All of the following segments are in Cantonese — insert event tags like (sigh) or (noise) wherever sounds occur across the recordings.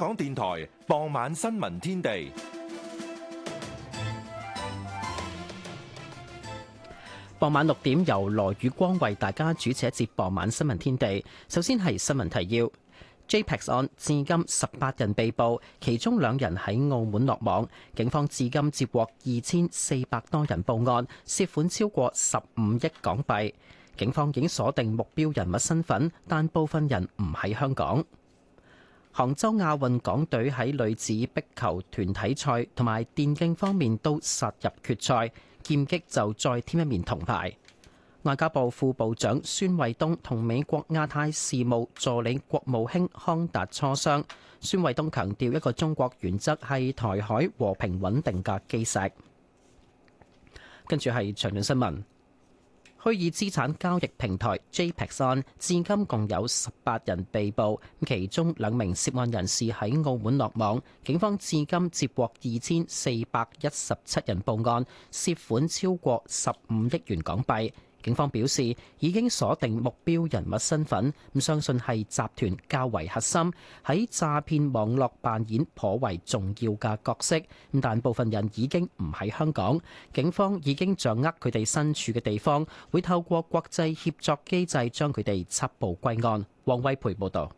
港電台傍晚新聞天地，傍晚六點由羅宇光為大家主持一節傍晚新聞天地。首先係新聞提要：JPEX 案至今十八人被捕，其中兩人喺澳門落網。警方至今接獲二千四百多人報案，涉款超過十五億港幣。警方已經鎖定目標人物身份，但部分人唔喺香港。杭州亞運港隊喺女子壁球團體賽同埋電競方面都殺入決賽，劍擊就再添一面銅牌。外交部副部長孫衛東同美國亞太事務助理國務卿康達磋商。孫衛東強調一個中國原則係台海和平穩定嘅基石。跟住係長短新聞。虛擬資產交易平台 JPEX 案至今共有十八人被捕，其中兩名涉案人士喺澳門落網。警方至今接獲二千四百一十七人報案，涉款超過十五億元港幣。警方表示已經鎖定目標人物身份，咁相信係集團較為核心喺詐騙網絡扮演頗為重要嘅角色，但部分人已經唔喺香港，警方已經掌握佢哋身處嘅地方，會透過國際協作機制將佢哋緝捕歸案。黃偉培報道。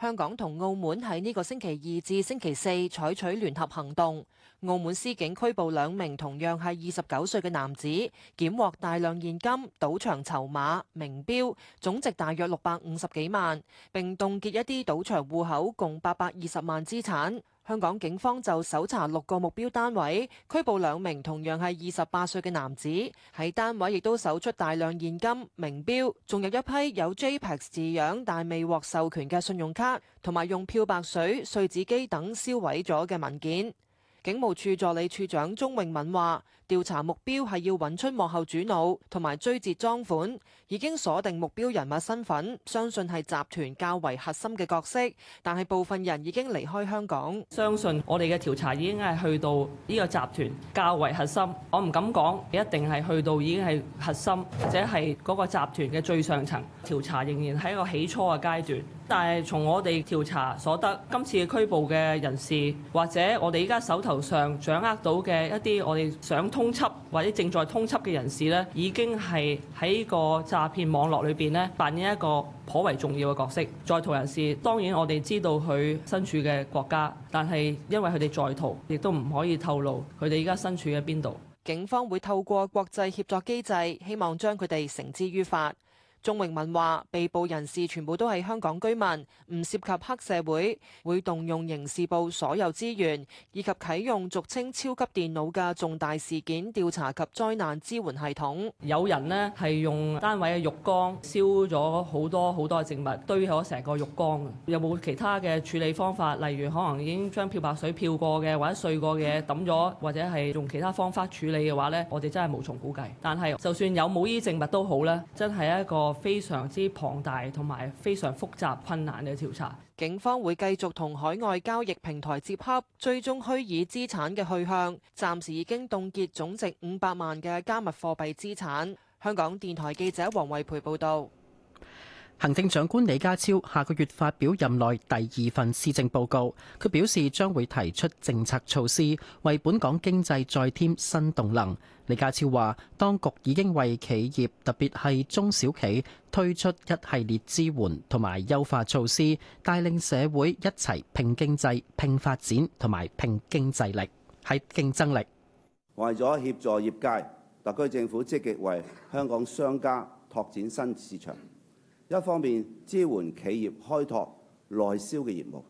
香港同澳門喺呢個星期二至星期四採取聯合行動，澳門司警拘捕兩名同樣係二十九歲嘅男子，檢獲大量現金、賭場籌碼、名錶，總值大約六百五十幾萬，並凍結一啲賭場戶口，共八百二十萬資產。香港警方就搜查六個目標單位，拘捕兩名同樣係二十八歲嘅男子，喺單位亦都搜出大量現金、名錶，仲有一批有 JPEX 字樣但未獲授權嘅信用卡，同埋用漂白水、碎紙機等銷毀咗嘅文件。警務處助理處長鍾永敏話：調查目標係要搵出幕後主腦，同埋追截贓款，已經鎖定目標人物身份，相信係集團較為核心嘅角色，但係部分人已經離開香港。相信我哋嘅調查已經係去到呢個集團較為核心，我唔敢講一定係去到已經係核心或者係嗰個集團嘅最上層。調查仍然喺一個起初嘅階段。但係，從我哋調查所得，今次嘅拘捕嘅人士，或者我哋依家手頭上掌握到嘅一啲我哋想通緝或者正在通緝嘅人士呢，已經係喺個詐騙網絡裏邊，呢扮演一個頗為重要嘅角色。在逃人士，當然我哋知道佢身處嘅國家，但係因為佢哋在逃，亦都唔可以透露佢哋依家身處喺邊度。警方會透過國際協作機制，希望將佢哋繩之於法。鍾榮文話：被捕人士全部都係香港居民，唔涉及黑社會，會動用刑事部所有資源，以及啟用俗稱超級電腦嘅重大事件調查及災難支援系統。有人呢，係用單位嘅浴缸燒咗好多好多嘅植物，堆咗成個浴缸。有冇其他嘅處理方法？例如可能已經將漂白水漂過嘅，或者碎過嘅抌咗，或者係用其他方法處理嘅話呢，我哋真係無從估計。但係就算有冇依啲證物都好咧，真係一個非常之龐大同埋非常複雜困難嘅調查，警方會繼續同海外交易平台接洽，追蹤虛擬資產嘅去向。暫時已經凍結總值五百萬嘅加密貨幣資產。香港電台記者黃慧培報道，行政長官李家超下個月發表任內第二份施政報告，佢表示將會提出政策措施，為本港經濟再添新動能。李家超話：當局已經為企業，特別係中小企推出一系列支援同埋優化措施，帶領社會一齊拼經濟、拼發展同埋拼經濟力，係競爭力。為咗協助業界，特區政府積極為香港商家拓展新市場。一方面支援企業開拓內銷嘅業務，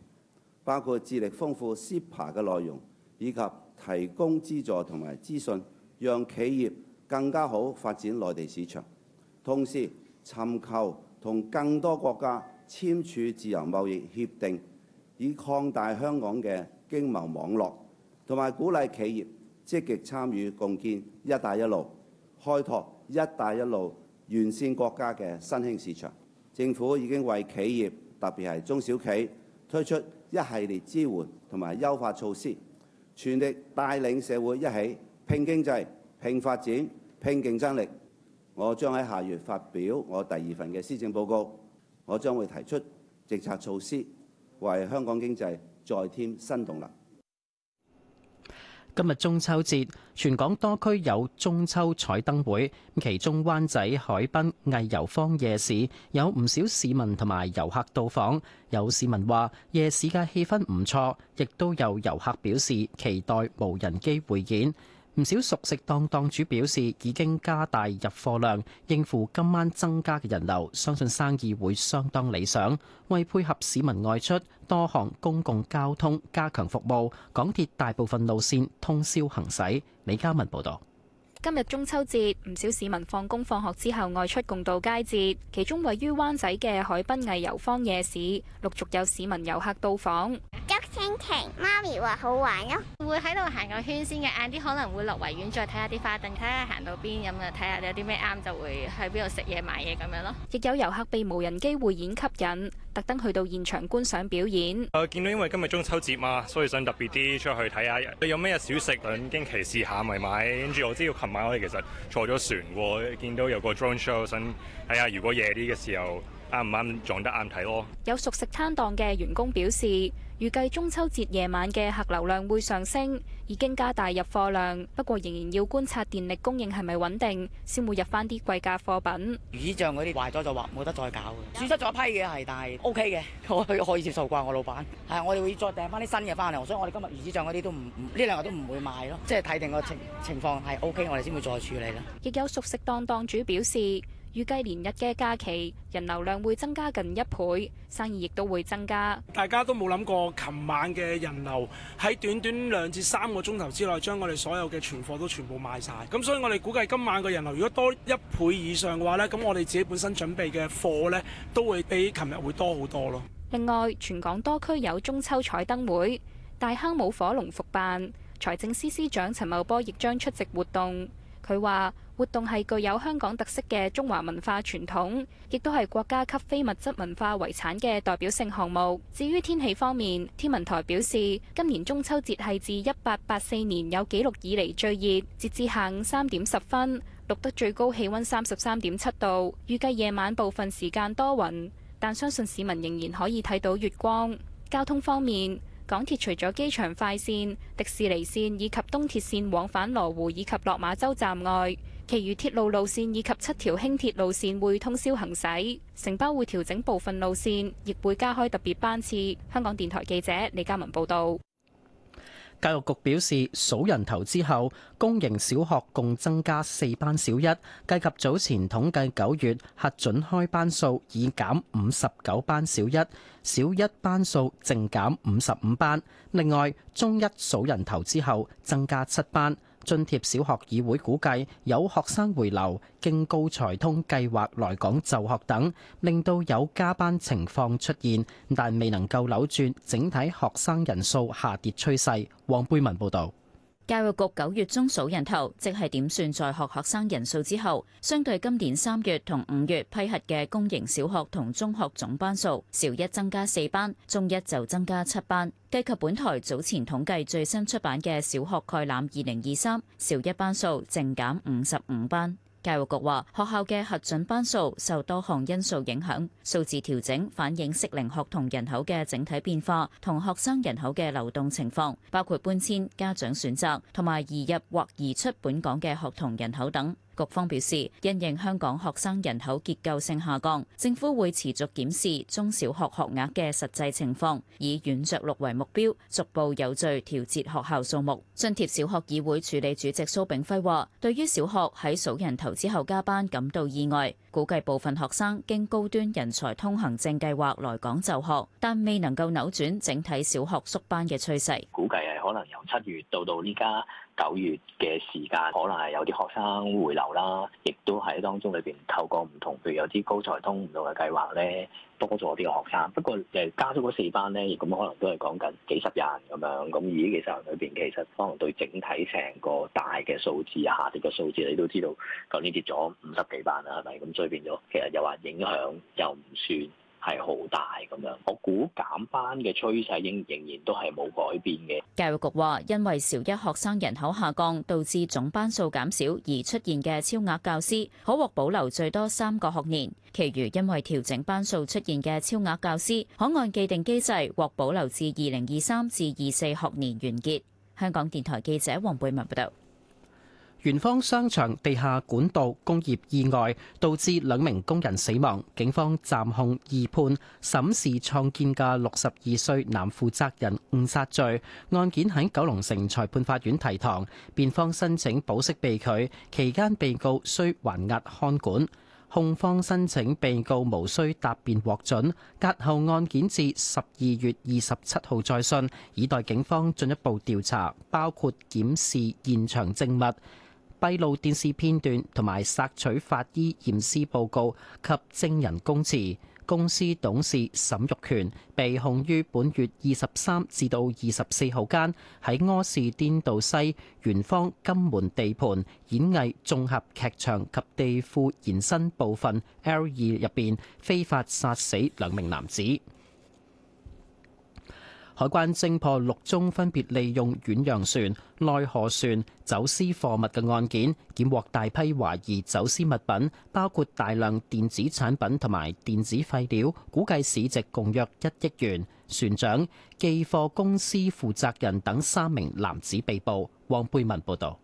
包括致力豐富 SIPA 嘅內容，以及提供資助同埋資訊。讓企業更加好發展內地市場，同時尋求同更多國家簽署自由貿易協定，以擴大香港嘅經貿網絡，同埋鼓勵企業積極參與共建「一帶一路」，開拓「一帶一路」沿線國家嘅新興市場。政府已經為企業，特別係中小企推出一系列支援同埋優化措施，全力帶領社會一起，拼經濟、拼發展、拼競爭力。我將喺下月發表我第二份嘅施政報告，我將會提出政策措施，為香港經濟再添新動力。今日中秋節，全港多區有中秋彩燈會，其中灣仔海濱藝遊坊夜市有唔少市民同埋遊客到訪。有市民話夜市嘅氣氛唔錯，亦都有遊客表示期待無人機會演。唔少熟食檔檔主表示，已經加大入貨量，應付今晚增加嘅人流，相信生意會相當理想。為配合市民外出，多項公共交通加強服務，港鐵大部分路線通宵行駛。李嘉文報導。今日中秋節，唔少市民放工放學之後外出共度佳節，其中位於灣仔嘅海濱藝遊坊夜市，陸續有市民遊客到訪。蜻蜓，媽咪話好玩咯，會喺度行個圈先嘅。晏啲可能會落維園再睇下啲花燈，睇下行到邊咁啊。睇下有啲咩啱，就會喺邊度食嘢買嘢咁樣咯。亦有遊客被無人機匯演吸引，特登去到現場觀賞表演。誒，見到因為今日中秋節嘛，所以想特別啲出去睇下有咩嘢小食，等經期試下咪買。跟住我知，要琴晚我哋其實坐咗船喎，見到有個 drone show，想睇下。如果夜啲嘅時候，啱唔啱撞得啱睇咯？有熟食攤檔嘅員工表示。預計中秋節夜晚嘅客流量會上升，已經加大入貨量，不過仍然要觀察電力供應係咪穩定，先會入翻啲貴價貨品。魚子醬嗰啲壞咗就話冇得再搞嘅，損失咗一批嘅係，但係 OK 嘅，可可以接受啩？我老闆係啊， (laughs) (laughs) 我哋會再訂翻啲新嘅翻嚟，所以我哋今日魚子醬嗰啲都唔呢兩日都唔會賣咯，即係睇定個情情況係 OK，我哋先會再處理咯。亦有熟食檔檔主表示。預計連日嘅假期人流量會增加近一倍，生意亦都會增加。大家都冇諗過，琴晚嘅人流喺短短兩至三個鐘頭之內，將我哋所有嘅存貨都全部賣晒。咁所以我哋估計今晚嘅人流，如果多一倍以上嘅話呢，咁我哋自己本身準備嘅貨呢，都會比琴日會多好多咯。另外，全港多區有中秋彩燈會，大坑舞火龍復辦，財政司司長陳茂波亦將出席活動。佢話。活動係具有香港特色嘅中華文化傳統，亦都係國家級非物質文化遺產嘅代表性項目。至於天氣方面，天文台表示，今年中秋節係自一八八四年有記錄以嚟最熱，截至下午三點十分，錄得最高氣温三十三點七度。預計夜晚部分時間多雲，但相信市民仍然可以睇到月光。交通方面，港鐵除咗機場快線、迪士尼線以及東鐵線往返羅湖以及落馬洲站外，其餘鐵路路綫，以及七條輕鐵路綫，會通宵行駛。城巴會調整部分路綫，亦會加開特別班次。香港電台記者李嘉文報道。教育局表示，數人頭之後，公營小學共增加四班小一，計及早前統計九月，核准開班數已減五十九班小一，小一班數淨減五十五班。另外，中一數人頭之後，增加七班，津貼小學議會估計有學生回流，經高才通計劃來港就學等，令到有加班情況出現，但未能夠扭轉整體學生人數下跌趨勢。黃貝文報道。教育局九月中數人頭，即係點算在學學生人數之後，相對今年三月同五月批核嘅公營小學同中學總班數，小一增加四班，中一就增加七班，計及本臺早前統計最新出版嘅小學概覽二零二三，小一班數淨減五十五班。教育局話，學校嘅核准班數受多項因素影響，數字調整反映適齡學童人口嘅整體變化，同學生人口嘅流動情況，包括搬遷、家長選擇同埋移入或移出本港嘅學童人口等。局方表示，因應香港學生人口結構性下降，政府會持續檢視中小學學額嘅實際情況，以軟着陸為目標，逐步有序調節學校數目。津貼小學議會處理主席蘇炳輝話，對於小學喺數人頭之後加班感到意外。估計部分學生經高端人才通行證計劃來港就學，但未能夠扭轉整體小學縮班嘅趨勢，估計係可能由七月到到依家九月嘅時間可能係有啲學生回流啦，亦都喺當中裏邊透過唔同，譬如有啲高才通唔同嘅計劃咧。多咗啲嘅學生，不過誒加咗嗰四班咧，咁可能都係講緊幾十人咁樣。咁而呢幾十人裏邊，其實可能對整體成個大嘅數字下跌嘅數字，你都知道，舊年跌咗五十幾班啦，係咪？咁所以變咗，其實又話影響又唔算。係好大咁樣，我估減班嘅趨勢應仍然都係冇改變嘅。教育局話，因為小一學生人口下降，導致總班數減少而出現嘅超額教師，可獲保留最多三個學年，其餘因為調整班數出現嘅超額教師，可按既定機制獲保留至二零二三至二四學年完結。香港電台記者黃貝文報道。元芳商場地下管道工業意外導致兩名工人死亡，警方暫控二判審視創建嘅六十二歲男負責人誤殺罪。案件喺九龍城裁判法院提堂，辯方申請保釋被拒，期間被告需還押看管。控方申請被告無需答辯獲准。押後案件至十二月二十七號再訊，以待警方進一步調查，包括檢視現場證物。閉路電視片段同埋索取法醫驗屍報告及證人供詞。公司董事沈玉權被控於本月二十三至到二十四號間喺柯士甸道西元芳金門地盤演藝綜合劇場及地庫延伸部分 L 二入面非法殺死兩名男子。海關偵破六宗分別利用遠洋船、內河船走私貨物嘅案件，檢獲大批懷疑走私物品，包括大量電子產品同埋電子廢料，估計市值共約一億元。船長、寄貨公司負責人等三名男子被捕。黃貝文報導。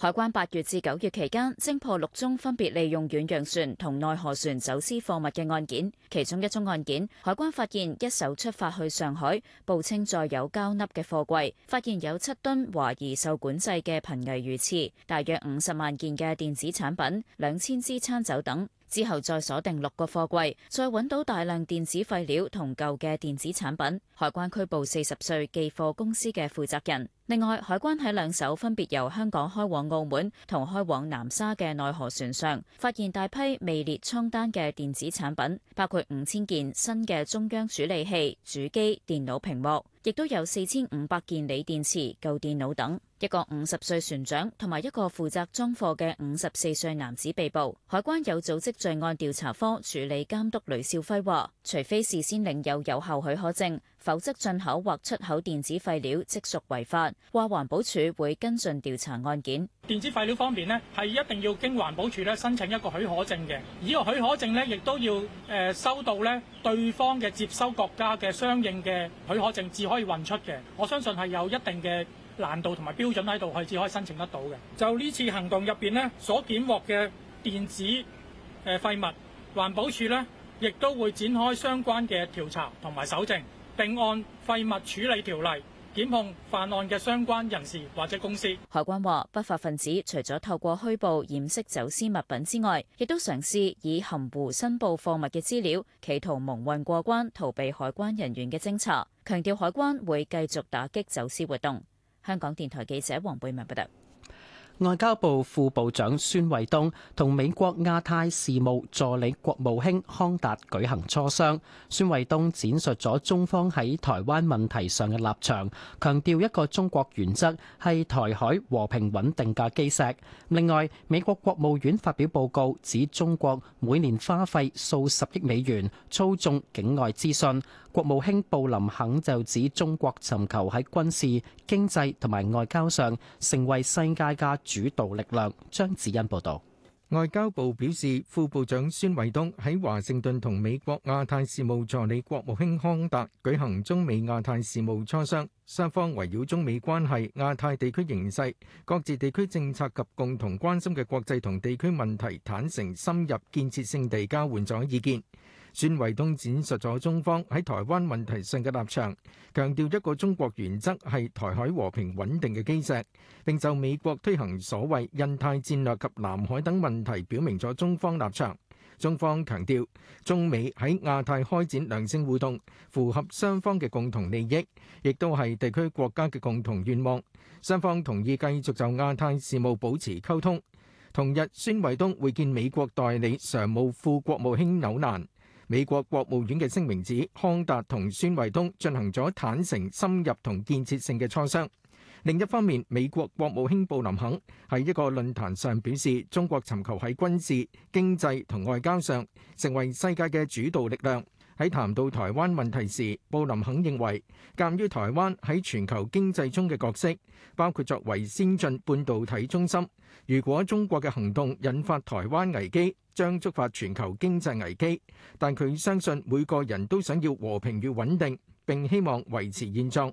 海關八月至九月期間，偵破六宗分別利用遠洋船同內河船走私貨物嘅案件，其中一宗案件，海關發現一艘出發去上海，報稱載有膠粒嘅貨櫃，發現有七噸懷疑受管制嘅瀕危魚翅，大約五十萬件嘅電子產品，兩千支餐酒等。之後再鎖定六個貨櫃，再揾到大量電子廢料同舊嘅電子產品，海關拘捕四十歲寄貨公司嘅負責人。另外，海關喺兩艘分別由香港開往澳門同開往南沙嘅內河船上，發現大批未列倉單嘅電子產品，包括五千件新嘅中央處理器、主機、電腦屏幕，亦都有四千五百件鋰電池、舊電腦等。一個五十歲船長同埋一個負責裝貨嘅五十四歲男子被捕。海關有組織罪案調查科處理監督雷少輝話，除非事先領有有效許可證，否則進口或出口電子廢料即屬違法。話環保署會跟進調查案件。電子廢料方面呢，係一定要經環保署咧申請一個許可證嘅，呢個許可證呢，亦都要誒收到咧對方嘅接收國家嘅相應嘅許可證，至可以運出嘅。我相信係有一定嘅。難度同埋標準喺度，佢只可以申請得到嘅。就呢次行動入邊呢所檢獲嘅電子誒、呃、廢物，環保署呢亦都會展開相關嘅調查同埋搜證，並按廢物處理條例檢控犯案嘅相關人士或者公司。海關話，不法分子除咗透過虛報掩飾走私物品之外，亦都嘗試以含糊申報貨物嘅資料，企圖蒙混過關，逃避海關人員嘅偵查。強調海關會繼續打擊走私活動。香港電台記者黃貝文報道，外交部副部長孫衛東同美國亞太事務助理國務卿康達舉行磋商。孫衛東展述咗中方喺台灣問題上嘅立場，強調一個中國原則係台海和平穩定嘅基石。另外，美國國務院發表報告指，中國每年花費數十億美元操縱境外資訊。國務卿布林肯就指中國尋求喺軍事、經濟同埋外交上成為世界嘅主導力量。張子欣報道。外交部表示，副部長孫衛東喺華盛頓同美國亞太事務助理國務卿康達舉行中美亞太事務磋商，雙方圍繞中美關係、亞太地區形勢、各自地區政策及共同關心嘅國際同地區問題，坦誠深入建設性地交換咗意見。孫衛東展述咗中方喺台灣問題上嘅立場，強調一個中國原則係台海和平穩定嘅基石。並就美國推行所謂印太戰略及南海等問題，表明咗中方立場。中方強調，中美喺亞太開展良性互動，符合雙方嘅共同利益，亦都係地區國家嘅共同願望。雙方同意繼續就亞太事務保持溝通。同日，孫衛東會見美國代理常務副國務卿紐南。美國國務院嘅聲明指，康達同孫衛東進行咗坦誠深入同建設性嘅磋商。另一方面，美國國務卿布林肯喺一個論壇上表示，中國尋求喺軍事、經濟同外交上成為世界嘅主導力量。喺談到台灣問題時，布林肯認為，鑑於台灣喺全球經濟中嘅角色，包括作為先進半導體中心，如果中國嘅行動引發台灣危機，將觸發全球經濟危機，但佢相信每個人都想要和平與穩定，並希望維持現狀。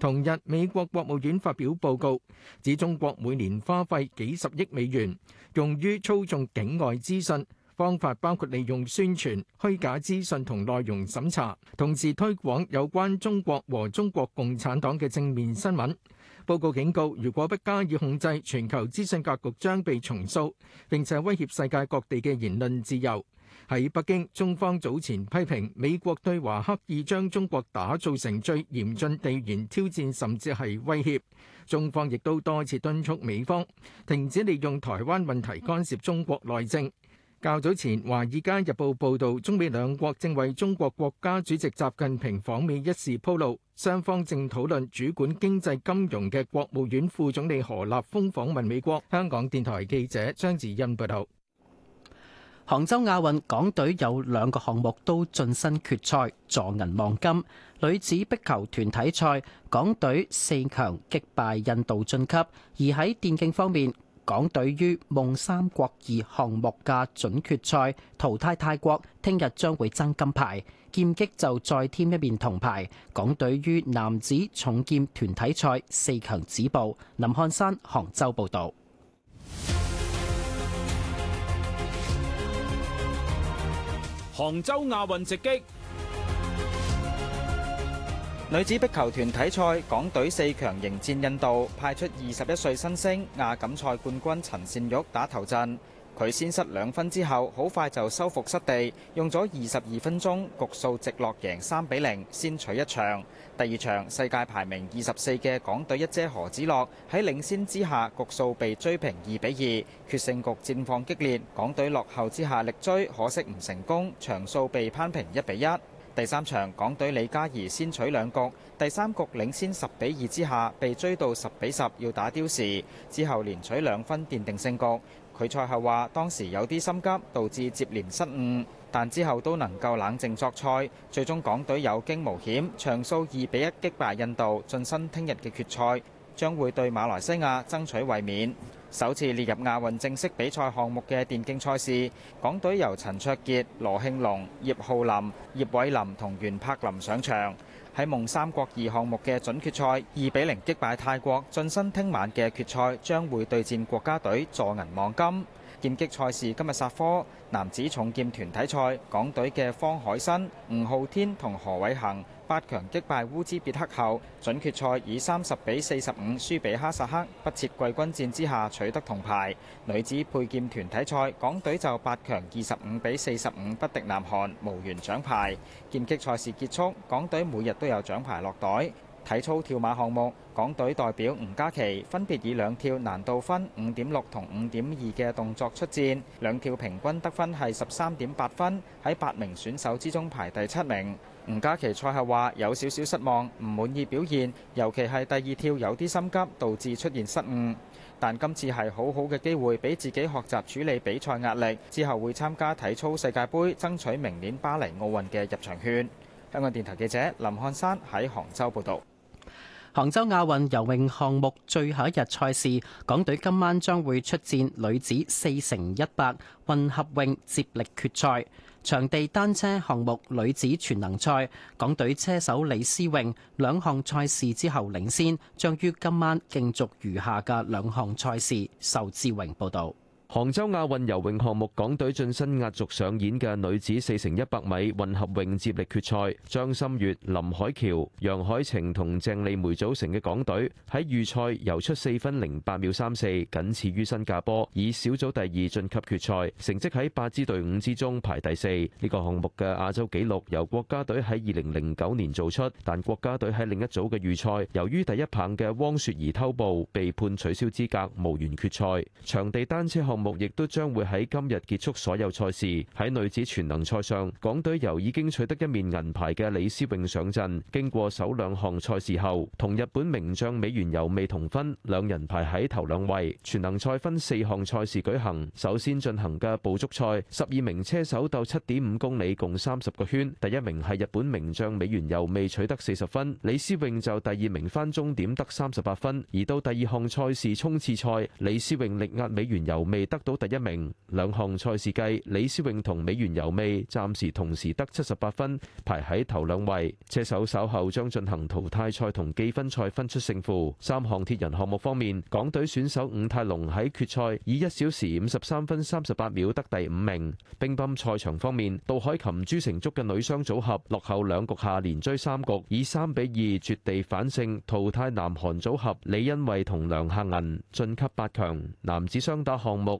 同日，美國國務院發表報告，指中國每年花費幾十億美元，用於操縱境外資訊，方法包括利用宣傳、虛假資訊同內容審查，同時推廣有關中國和中國共產黨嘅正面新聞。報告警告，如果不加以控制，全球資訊格局將被重塑，並且威脅世界各地嘅言論自由。喺北京，中方早前批評美國對華刻意將中國打造成最嚴峻地緣挑戰，甚至係威脅。中方亦都多次敦促美方停止利用台灣問題干涉中國內政。較早前，《華爾街日報》報道中美兩國正為中國國家主席習近平訪美一事鋪路，雙方正討論主管經濟金融嘅國務院副總理何立峰訪問美國。香港電台記者張志欣報道：杭州亞運，港隊有兩個項目都晉身決賽，助銀望金。女子壁球團體賽，港隊四強擊敗印度晉級，而喺電競方面。港隊於夢三國二項目嘅準決賽淘汰泰國，聽日將會爭金牌。劍擊就再添一面銅牌。港隊於男子重劍團體賽四強止步。林漢山，杭州報道。杭州亞運直擊。女子壁球團體賽，港隊四強迎戰印度，派出二十一歲新星亞錦賽冠軍陳善玉打頭陣。佢先失兩分之後，好快就收復失地，用咗二十二分鐘局數直落贏三比零，先取一場。第二場，世界排名二十四嘅港隊一姐何子樂喺領先之下局數被追平二比二，決勝局戰況激烈，港隊落後之下力追，可惜唔成功，場數被攀平一比一。第三場，港隊李嘉怡先取兩局，第三局領先十比二之下，被追到十比十，要打刁時，之後連取兩分奠定勝局。佢賽後話：當時有啲心急，導致接連失誤，但之後都能夠冷靜作賽，最終港隊有驚無險，場數二比一擊敗印度，晉身聽日嘅決賽，將會對馬來西亞爭取衛冕。首次列入亞運正式比賽項目嘅電競賽事，港隊由陳卓杰、羅慶龍、葉浩林、葉偉林同袁柏林上場，喺夢三國二項目嘅準決賽，二比零擊敗泰國，晉身聽晚嘅決賽，將會對戰國家隊，助銀望金。劍擊賽事今日殺科，男子重劍團體賽，港隊嘅方海新、吳浩天同何偉恆八強擊敗烏茲別克後，準決賽以三十比四十五輸俾哈薩克，不設季軍戰之下取得銅牌。女子佩劍團體賽，港隊就八強二十五比四十五不敵南韓，無緣獎牌。劍擊賽事結束，港隊每日都有獎牌落袋。體操跳馬項目，港隊代表吳嘉琪分別以兩跳難度分五點六同五點二嘅動作出戰，兩跳平均得分係十三點八分，喺八名選手之中排第七名。吳嘉琪賽後話：有少少失望，唔滿意表現，尤其係第二跳有啲心急，導致出現失誤。但今次係好好嘅機會，俾自己學習處理比賽壓力。之後會參加體操世界盃，爭取明年巴黎奧運嘅入場券。香港電台記者林漢山喺杭州報導。杭州亞運游泳項目最後一日賽事，港隊今晚將會出戰女子四乘一百混合泳接力決賽、場地單車項目女子全能賽。港隊車手李思穎兩項賽事之後領先，將於今晚競逐餘下嘅兩項賽事。仇志榮報道。杭州亞運游泳項目，港隊晉身壓軸上演嘅女子四乘一百米混合泳接力決賽，張心月、林海喬、楊海晴同鄭麗梅組成嘅港隊喺預賽游出四分零八秒三四，僅次於新加坡，以小組第二晉級決賽，成績喺八支隊伍之中排第四。呢個項目嘅亞洲紀錄由國家隊喺二零零九年做出，但國家隊喺另一組嘅預賽，由於第一棒嘅汪雪兒偷步，被判取消資格，無緣決賽。場地單車項目目亦都將會喺今日結束所有賽事。喺女子全能賽上，港隊由已經取得一面銀牌嘅李思穎上陣。經過首兩項賽事後，同日本名將美元由未同分，兩人排喺頭兩位。全能賽分四項賽事舉行，首先進行嘅捕捉賽，十二名車手鬥七點五公里，共三十個圈。第一名係日本名將美元由未取得四十分，李思穎就第二名翻終點得三十八分。而到第二項賽事衝刺賽，李思穎力壓美元由未。得到第一名，兩項賽事計李思穎同梶原悠未，暫時同時得七十八分，排喺頭兩位。車手稍後將進行淘汰賽同記分賽分出勝負。三項鐵人項目方面，港隊選手伍泰龍喺決賽以一小時五十三分三十八秒得第五名。乒乓賽場方面，杜海琴、朱成竹嘅女雙組合落後兩局下連追三局，以三比二絕地反勝淘汰南韓組合李恩惠同梁夏銀，晉級八強。男子雙打項目，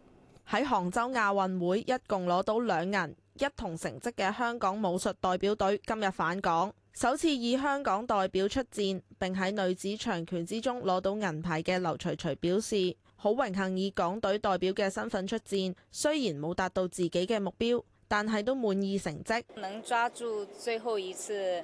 喺杭州亞運會一共攞到兩銀一銅成績嘅香港武術代表隊今日返港，首次以香港代表出戰，並喺女子長拳之中攞到銀牌嘅劉徐徐表示：好榮幸以港隊代表嘅身份出戰，雖然冇達到自己嘅目標，但係都滿意成績。能抓住最後一次。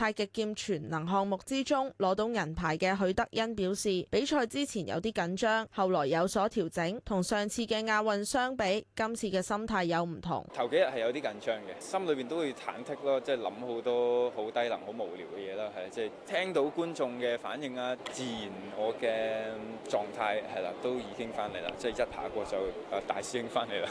太極劍全能項目之中攞到銀牌嘅許德恩表示，比賽之前有啲緊張，後來有所調整，同上次嘅亞運相比，今次嘅心態有唔同。頭幾日係有啲緊張嘅，心裏邊都會忐忑咯，即係諗好多好低能、好無聊嘅嘢啦。係即係聽到觀眾嘅反應啊，自然我嘅狀態係啦，都已經翻嚟啦，即係一下過就誒大師兄翻嚟啦。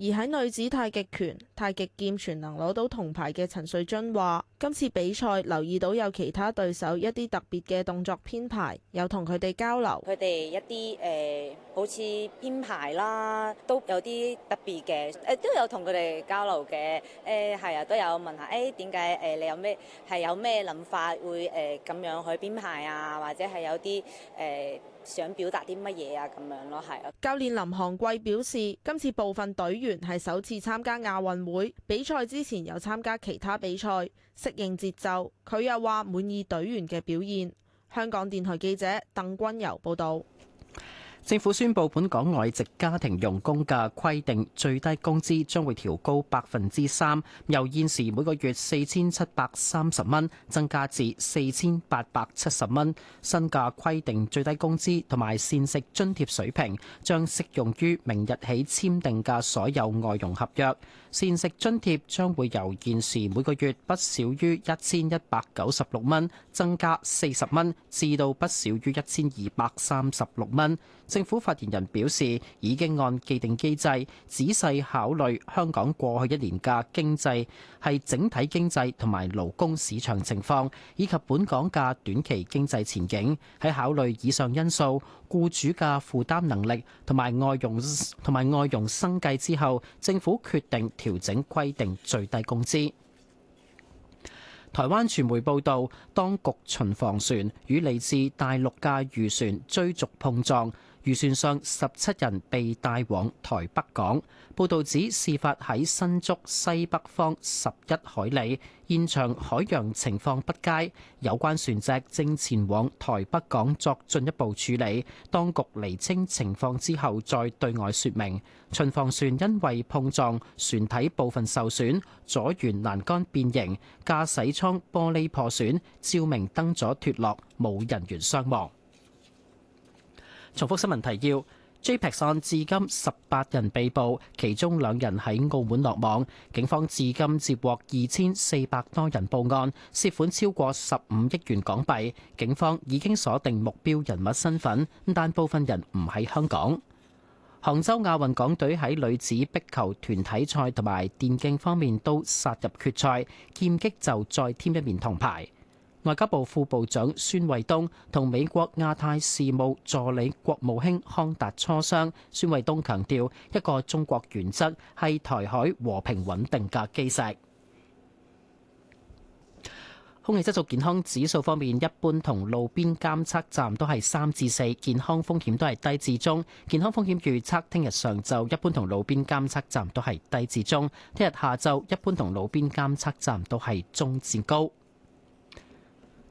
而喺女子太極拳、太極劍全能攞到銅牌嘅陳瑞津話：今次比賽留意到有其他對手一啲特別嘅動作編排，有同佢哋交流。佢哋一啲誒、呃，好似編排啦，都有啲特別嘅誒、呃，都有同佢哋交流嘅誒，係、呃、啊，都有問下誒點解誒你有咩係有咩諗法會誒咁、呃、樣去編排啊，或者係有啲誒。呃想表達啲乜嘢啊？咁樣咯，係啊。教練林航貴表示，今次部分隊員係首次參加亞運會，比賽之前有參加其他比賽，適應節奏。佢又話滿意隊員嘅表現。香港電台記者鄧君由報導。政府宣布，本港外籍家庭傭工嘅規定最低工資將會調高百分之三，由現時每個月四千七百三十蚊增加至四千八百七十蚊。新價規定最低工資同埋膳食津貼水平將適用於明日起簽訂嘅所有外傭合約。膳食津貼將會由現時每個月不少於一千一百九十六蚊增加四十蚊，至到不少於一千二百三十六蚊。政府發言人表示，已經按既定機制仔細考慮香港過去一年嘅經濟，係整體經濟同埋勞工市場情況，以及本港嘅短期經濟前景。喺考慮以上因素、僱主嘅負擔能力同埋外傭同埋外傭生計之後，政府決定調整規定最低工資。台灣傳媒報道，當局巡防船與嚟自大陸嘅漁船追逐碰撞。漁船上十七人被帶往台北港。報導指事發喺新竹西北方十一海里，現場海洋情況不佳，有關船隻正前往台北港作進一步處理。當局釐清情況之後再對外說明。巡防船因為碰撞，船體部分受損，左舷欄杆變形，駕駛艙玻璃破損，照明燈座脫落，冇人員傷亡。重複新聞提要：JPEX 案至今十八人被捕，其中兩人喺澳門落網。警方至今接獲二千四百多人報案，涉款超過十五億元港幣。警方已經鎖定目標人物身份，但部分人唔喺香港。杭州亞運港隊喺女子壁球團體賽同埋電競方面都殺入決賽，劍擊就再添一面銅牌。外交部副部長孫衛東同美國亞太事務助理國務卿康達磋商。孫衛東強調，一個中國原則係台海和平穩定嘅基石。空氣質素健康指數方面，一般同路邊監測站都係三至四，健康風險都係低至中。健康風險預測，聽日上晝一般同路邊監測站都係低至中，聽日下晝一般同路邊監測站都係中至高。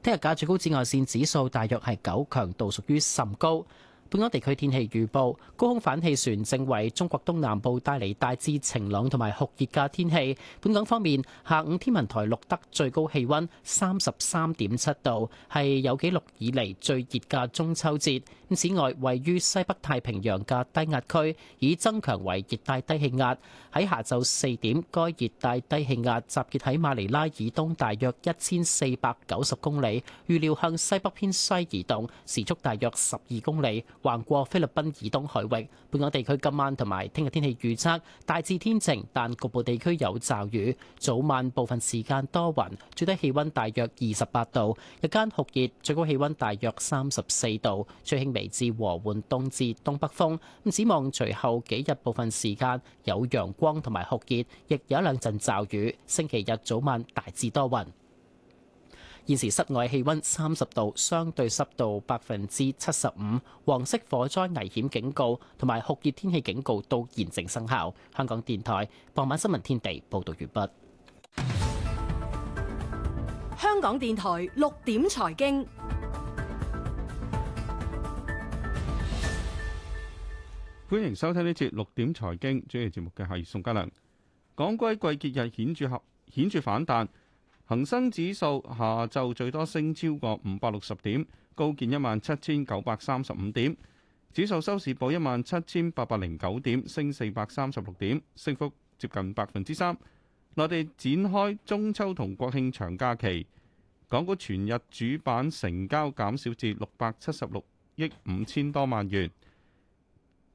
聽日嘅最高紫外線指數大約係九，強度屬於甚高。本港地區天氣預報，高空反氣旋正為中國東南部帶嚟大致晴朗同埋酷熱嘅天氣。本港方面，下午天文台錄得最高氣温三十三點七度，係有記錄以嚟最熱嘅中秋節。咁此外，位於西北太平洋嘅低壓區已增強為熱帶低氣壓。喺下晝四點，該熱帶低氣壓集結喺馬尼拉以東大約一千四百九十公里，預料向西北偏西移動，時速大約十二公里，橫過菲律賓以東海域。本港地區今晚同埋聽日天氣預測大致天晴，但局部地區有驟雨，早晚部分時間多雲，最低氣温大約二十八度，日間酷熱，最高氣温大約三十四度，吹輕微至和緩東至東北風。咁指望隨後幾日部分時間有陽光同埋酷熱，亦有一兩陣驟雨。星期日早晚大致多雲。現時室外氣温三十度，相對濕度百分之七十五。黃色火災危險警告同埋酷熱天氣警告都現正生效。香港電台傍晚新聞天地報道完畢。香港電台六點財經。歡迎收聽呢節六點財經專題節目嘅係宋家良。港股季結日顯著合顯著反彈，恒生指數下晝最多升超過五百六十點，高見一萬七千九百三十五點。指數收市報一萬七千八百零九點，升四百三十六點，升幅接近百分之三。內地展開中秋同國慶長假期，港股全日主板成交減少至六百七十六億五千多萬元。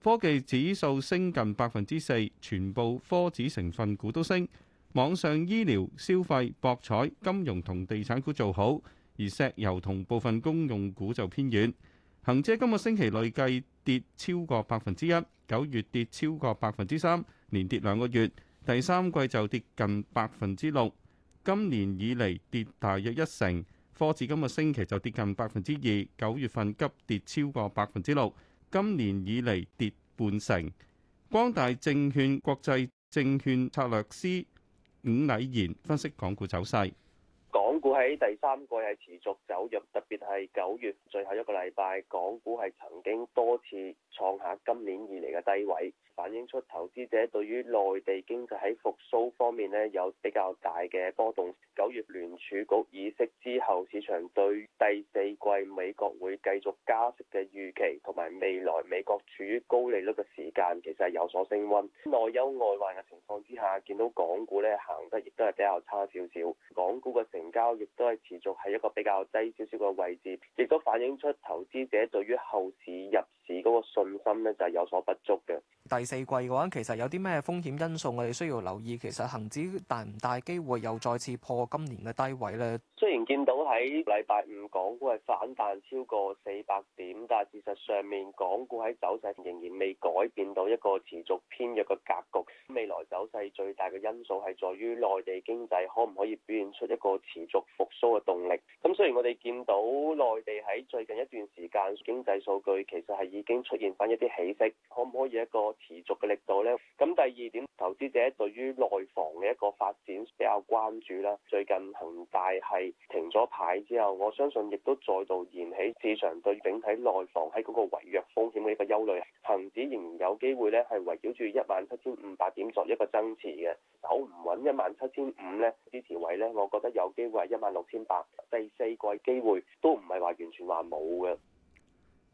科技指數升近百分之四，全部科指成分股都升。網上醫療、消費、博彩、金融同地產股做好，而石油同部分公用股就偏軟。恒指今個星期累計跌超過百分之一，九月跌超過百分之三，連跌兩個月。第三季就跌近百分之六，今年以嚟跌大約一成。科指今個星期就跌近百分之二，九月份急跌超過百分之六。今年以嚟跌半成，光大證券國際證券策略師伍禮賢分析港股走勢。故喺第三季係持續走弱，特別係九月最後一個禮拜，港股係曾經多次創下今年以嚟嘅低位，反映出投資者對於內地經濟喺復甦方面咧有比較大嘅波動，九月聯儲局議息之後市場對第四季美國會繼續加息嘅預期，同埋未來美國處於高利率嘅時間其實係有所升温。內憂外患嘅情況之下，見到港股咧行得亦都係比較差少少，港股嘅成交。亦都係持續係一個比較低少少嘅位置，亦都反映出投資者對於後市入市嗰個信心呢就係有所不足嘅。第四季嘅話，其實有啲咩風險因素我哋需要留意？其實恒指大唔大機會又再次破今年嘅低位呢？雖然見到喺禮拜五港股係反彈超過四百點，但係事實上面港股喺走勢仍然未改變到一個持續偏弱嘅格局。未來走勢最大嘅因素係在於內地經濟可唔可以表現出一個持續復甦嘅動力，咁雖然我哋見到內地喺最近一段時間經濟數據其實係已經出現翻一啲起色，可唔可以一個持續嘅力度呢？咁第二點，投資者對於內房嘅一個發展比較關注啦。最近恒大係停咗牌之後，我相信亦都再度燃起市場對整體內房喺嗰個違約風險嘅一個憂慮。恒指仍然有機會咧，係圍繞住一萬七千五百點作一個增持嘅。走唔穩一萬七千五呢，支持位呢，我覺得有機會係一萬六千八。第四季機會都唔係話完全話冇嘅。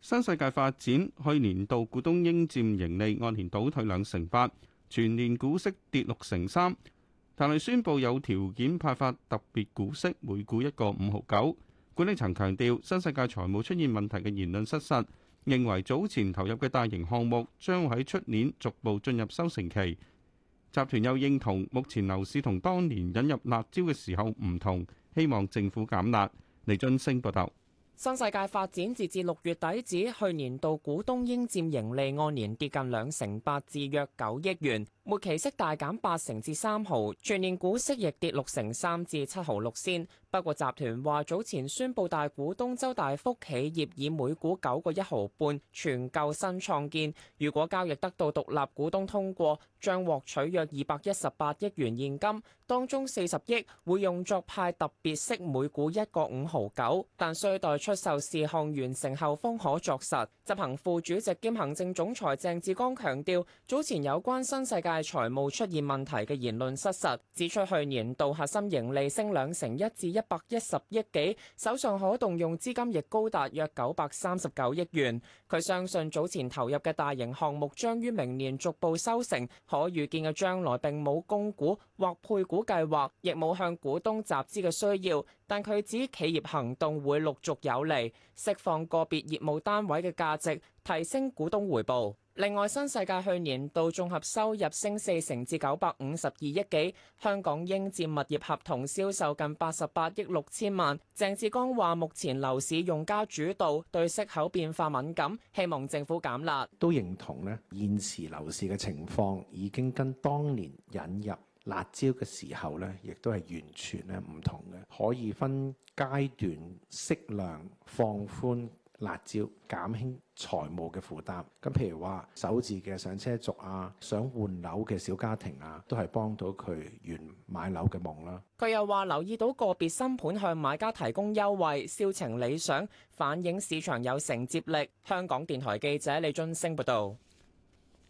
新世界發展去年度股東應佔盈利按年倒退兩成八，全年股息跌六成三，但係宣布有條件派發特別股息每股一個五毫九。管理層強調，新世界財務出現問題嘅言論失實，認為早前投入嘅大型項目將喺出年逐步進入收成期。集團又認同目前樓市同當年引入辣椒嘅時候唔同，希望政府減辣。李晉升報道，新世界發展截至六月底止，去年度股東應佔盈利按年跌近兩成八，至約九億元。末期息大減八成至三毫，全年股息亦跌六成三至七毫六仙。不過集團話早前宣布大股東周大福企業以每股九個一毫半全購新創建，如果交易得到獨立股東通過，將獲取約二百一十八億元現金，當中四十億會用作派特別息每股一個五毫九，但需待出售事項完成後方可作實。執行副主席兼行政總裁鄭志剛強調，早前有關新世界大財務出現問題嘅言論失實，指出去年度核心盈利升兩成一至一百一十億幾，手上可動用資金亦高達約九百三十九億元。佢相信早前投入嘅大型項目將於明年逐步收成，可預見嘅將來並冇供股或配股計劃，亦冇向股東集資嘅需要。但佢指企業行動會陸續有利釋放個別業務單位嘅價值，提升股東回報。另外，新世界去年度綜合收入升四成至九百五十二億幾，香港應佔物業合同銷售近八十八億六千萬。鄭志剛話：目前樓市用家主導，對息口變化敏感，希望政府減辣。都認同咧，現時樓市嘅情況已經跟當年引入辣招嘅時候咧，亦都係完全咧唔同嘅，可以分階段適量放寬。辣椒減輕財務嘅負擔，咁譬如話首置嘅上車族啊，想換樓嘅小家庭啊，都係幫到佢圓買樓嘅夢啦。佢又話留意到個別新盤向買家提供優惠，銷情理想，反映市場有承接力。香港電台記者李津升報道：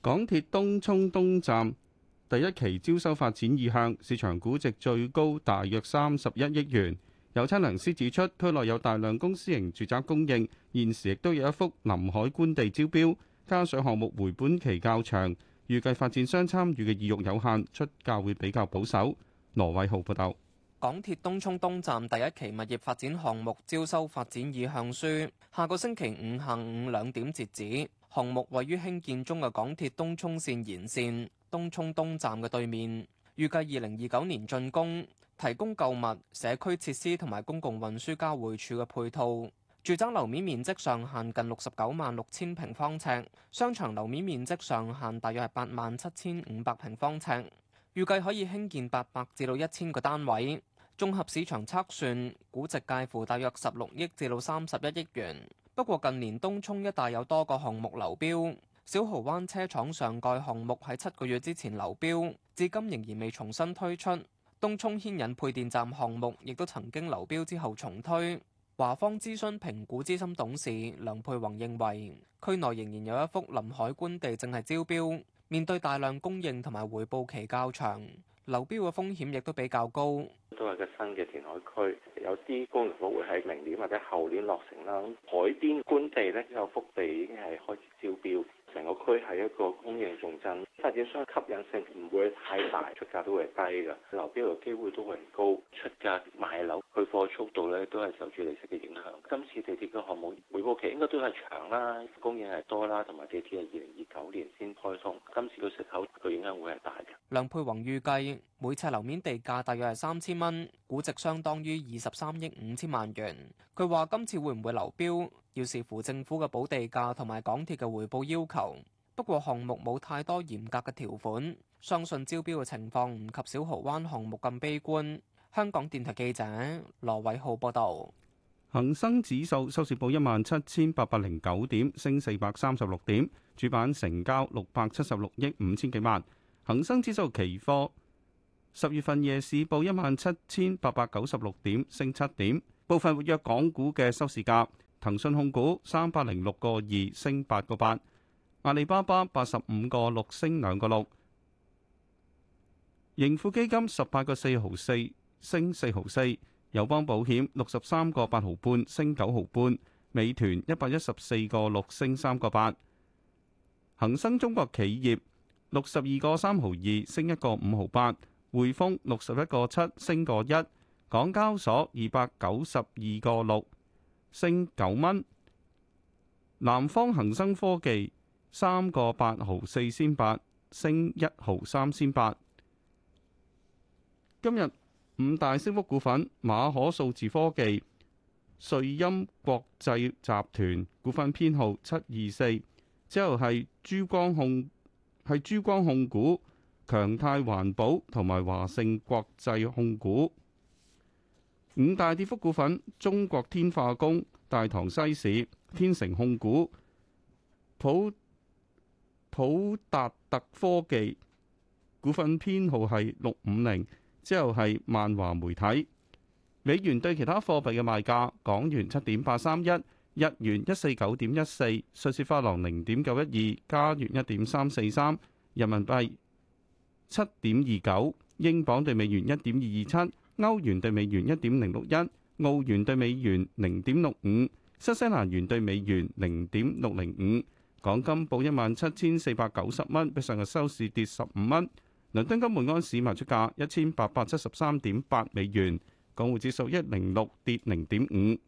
港鐵東涌東站第一期招收發展意向，市場估值最高大約三十一億元。有測量師指出，區內有大量公私營住宅供應，現時亦都有一幅臨海官地招標，加上項目回本期較長，預計發展商參與嘅意欲有限，出價會比較保守。羅偉浩報道。港鐵東涌東站第一期物業發展項目招收發展意向書，下個星期五下午兩點截止。項目位於興建中嘅港鐵東涌線延線東涌東站嘅對面，預計二零二九年竣工。提供購物、社區設施同埋公共運輸交匯處嘅配套。住宅樓面面積上限近六十九萬六千平方尺，商場樓面面積上限大約係八萬七千五百平方尺，預計可以興建八百至到一千個單位。綜合市場測算，估值介乎大約十六億至到三十一億元。不過，近年東涌一帶有多個項目流標，小蠔灣車廠上蓋項目喺七個月之前流標，至今仍然未重新推出。東涌牽引配電站項目亦都曾經流標之後重推。華方諮詢評估資深董事梁佩宏認為，區內仍然有一幅臨海官地正係招標，面對大量供應同埋回報期較長，流標嘅風險亦都比較高。都係個新嘅填海區，有啲公營屋會喺明年或者後年落成啦。咁海邊官地呢，有幅地已經係開始招標。成個區係一個供應重鎮，發展商吸引力唔會太大，出價都會低嘅，流標嘅機會都會唔高。出價買樓、去貨速度咧，都係受住利息嘅影響。今次地鐵嘅項目回報期應該都係長啦，供應係多啦，同埋地鐵係二零二九年先開通，今次嘅食口嘅影響會係大嘅。梁佩宏預計每尺樓面地價大約係三千蚊，估值相當於二十三億五千萬元。佢話今次會唔會流標？要視乎政府嘅補地價同埋港鐵嘅回報要求，不過項目冇太多嚴格嘅條款，相信招標嘅情況唔及小蠔灣項目咁悲觀。香港電台記者羅偉浩報道，恒生指數收市報一萬七千八百零九點，升四百三十六點，主板成交六百七十六億五千幾萬。恒生指數期貨十月份夜市報一萬七千八百九十六點，升七點，部分活躍港股嘅收市價。騰訊控股三百零六個二升八個八，阿里巴巴八十五個六升兩個六，盈富基金十八個四毫四升四毫四，友邦保險六十三個八毫半升九毫半，美團一百一十四個六升三個八，恒生中國企業六十二個三毫二升一個五毫八，匯豐六十一個七升個一，港交所二百九十二個六，升九蚊，南方恒生科技三個八毫四仙八，升一毫三仙八。今日五大升幅股份：馬可數字科技、瑞音國際集團股份編號七二四，之後係珠光控、係珠光控股、強泰環保同埋華盛國際控股。五大跌幅股份：中國天化工、大唐西市、天成控股、普普達特科技，股份編號係六五零，之後係萬華媒體。美元對其他貨幣嘅賣價：港元七點八三一，日元一四九點一四，瑞士法郎零點九一二，加元一點三四三，人民幣七點二九，英鎊兌美元一點二二七。歐元兌美元一點零六一，澳元兌美元零點六五，新西蘭元兌美元零點六零五，港金報一萬七千四百九十蚊，比上日收市跌十五蚊。倫敦金門安市賣出價一千八百七十三點八美元，港匯指數一零六跌零點五。